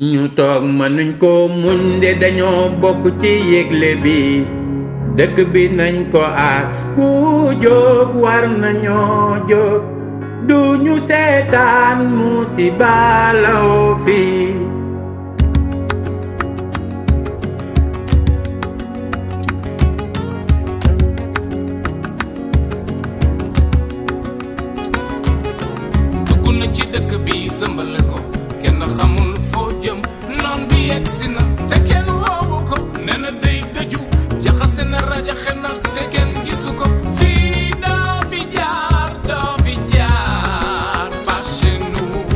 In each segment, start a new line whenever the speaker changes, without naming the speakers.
ñu toog mënuñ ko muñ de dañoo bokk ci yëgle bi dëkk bi nañ ko aar ku jóg war nañoo jóg du ñu seetaan musiba ci dëkk yegg si na te kenn woowu ko nee na day dëju jaxase na rajaxe na te kenn gisu ko fii doo fi jaar doo fi jaar par chez nous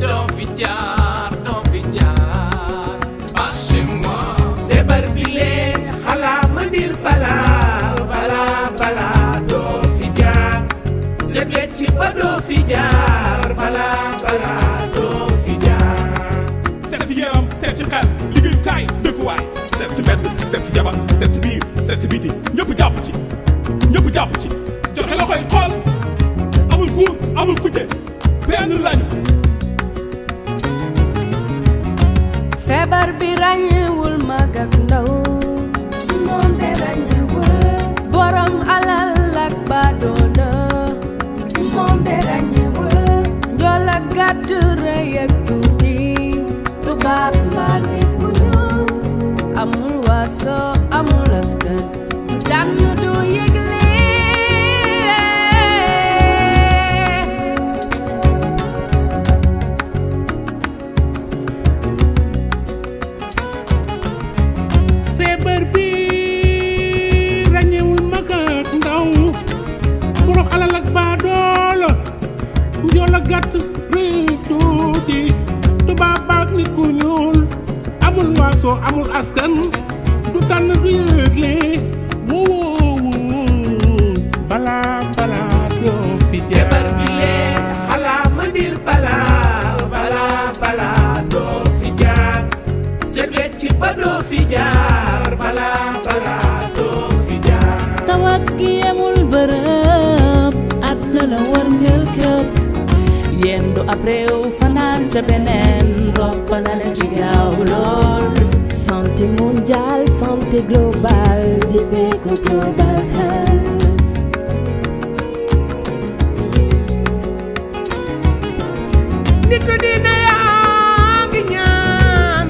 doo fi jaar doo fi jaar par chez moi sebar bi lee xalaa ma ndir balaa balaa balaa doo fi jaar sebet ci ba doo fi jaar balaa xel liggéeyukaay dëkkuwaay seet ci mbedd seet
ci jabar seet ci biir seet ci biti ñëpp jàpp ci
are so amula's good.
soo amul askan du tànn
du yëgle woo balaa balaa doo fi jaar jabar bi lee xalaa ma ndir balaa balaa balaa doo fi jaar sebet ci ba doo fi jaar balaa balaa doo fi jaar tawat gi yemul bërëb àdduna la war ngël këpp yendu ab réew fanaan ca beneen roppalale ci gaaw lool santé mondiale, santé globale, DPECO Global Health. nitu dina yaa ngi ñaan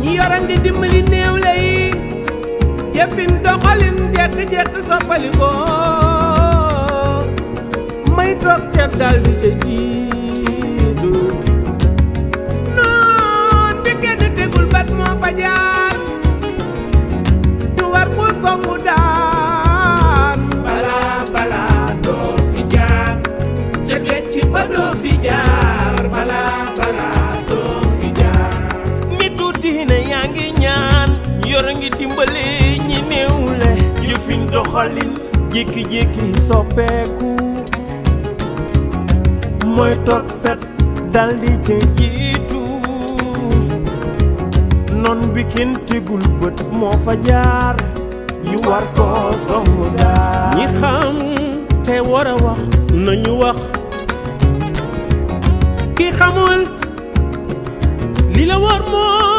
ñi yoran di dimbali néew la yi jëfin doxalin jekk-jekk soppalikoo may toog ca dal di ca
doxalin jékki-jékki soppeeku mooy toog set daldi ca jiitu non bi kenn tegul bët moo fa jaar yu war ko song daal ñi xam te war a wax nañu wax ki xamul li la war moo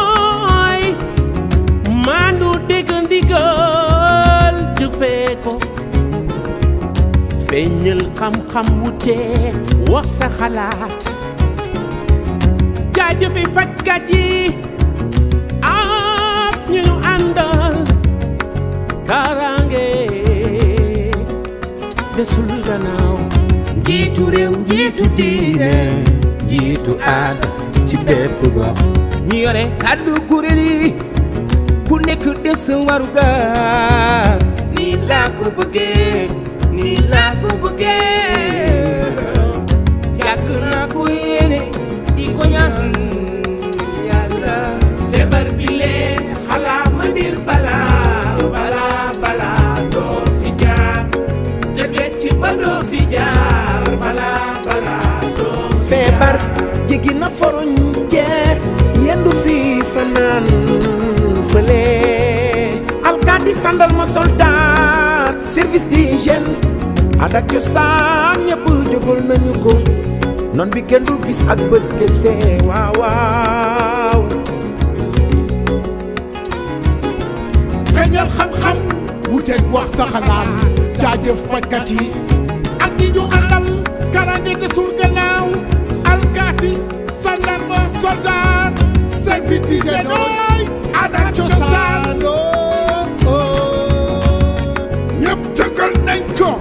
peñal xam-xam wute wax sa xalaat jaajëfi fajkat yi ak ñu àndal kaaraange desul
gannaaw njiitu réew njiitu diine njiitu aada ci bépp gox ñu yore kàddu kuréel yi ku nekk def sa nii laa ko bëggee nii laa yàgg naa ko yéene di ko ñaan yàlla feebar bi leen xalaa ma balaa balaa doo fi jaar sebet ci ba doo fi jaar balaa balaa doo feebar jéggi na frontière yendu fi fanaan fële
alkaati sandal ma soldat service d'hygiène aada ak cosaan ñëpp jógal nañu ko noon bi kenn du gis ak bët kese waaw waaw
feeñal xam-xam wuteeg wax sa xalaat jaajëf pajkat yi ak ñi ñu àndal karange desul gannaaw alkaati sandarma soldat service d'hygiène nooy aada ak cosaan ñëpp jógal nañ ko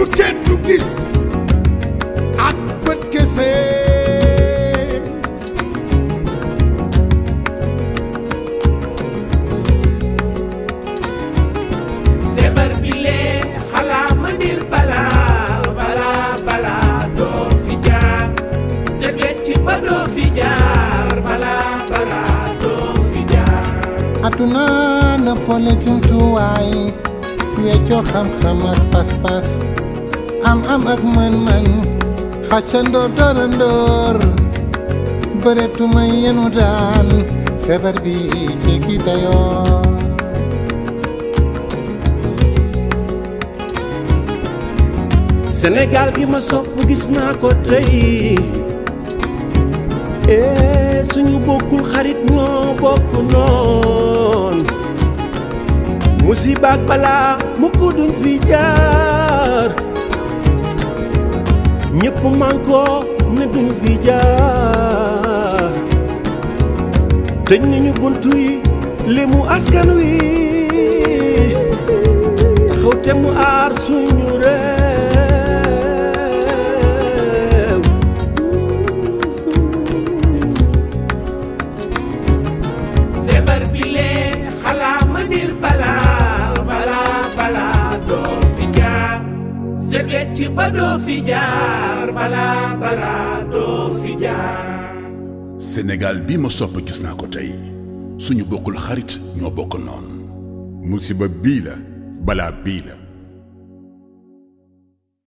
bu kenn ak bët kese
sebar xalaa ma dir balaa balaa balaa fi jaar segle ci ba doo fi jaar balaa balaa doo
fi jaar aduna na pole jumtuwaay weccoo xam-xam ak pas am am ak mën mën xàccandoo doorandoor bëreetuma yenu daan febar bi ki dayo senegal gi ma sopp gis na ko tey e suñu bokul xarit no bokku noon musiba bala balaa mukk fi jaar ñëpp mànkoo ne duñ fi jaar tëj nañu yi li mu askan wi taxaw te mu suñ
balaa balaa doo fi jaar.
Sénégal bi ma sopp gis naa ko tey suñu bokkul xarit
ñoo bokk noonu. musiba bii la balaa bii la.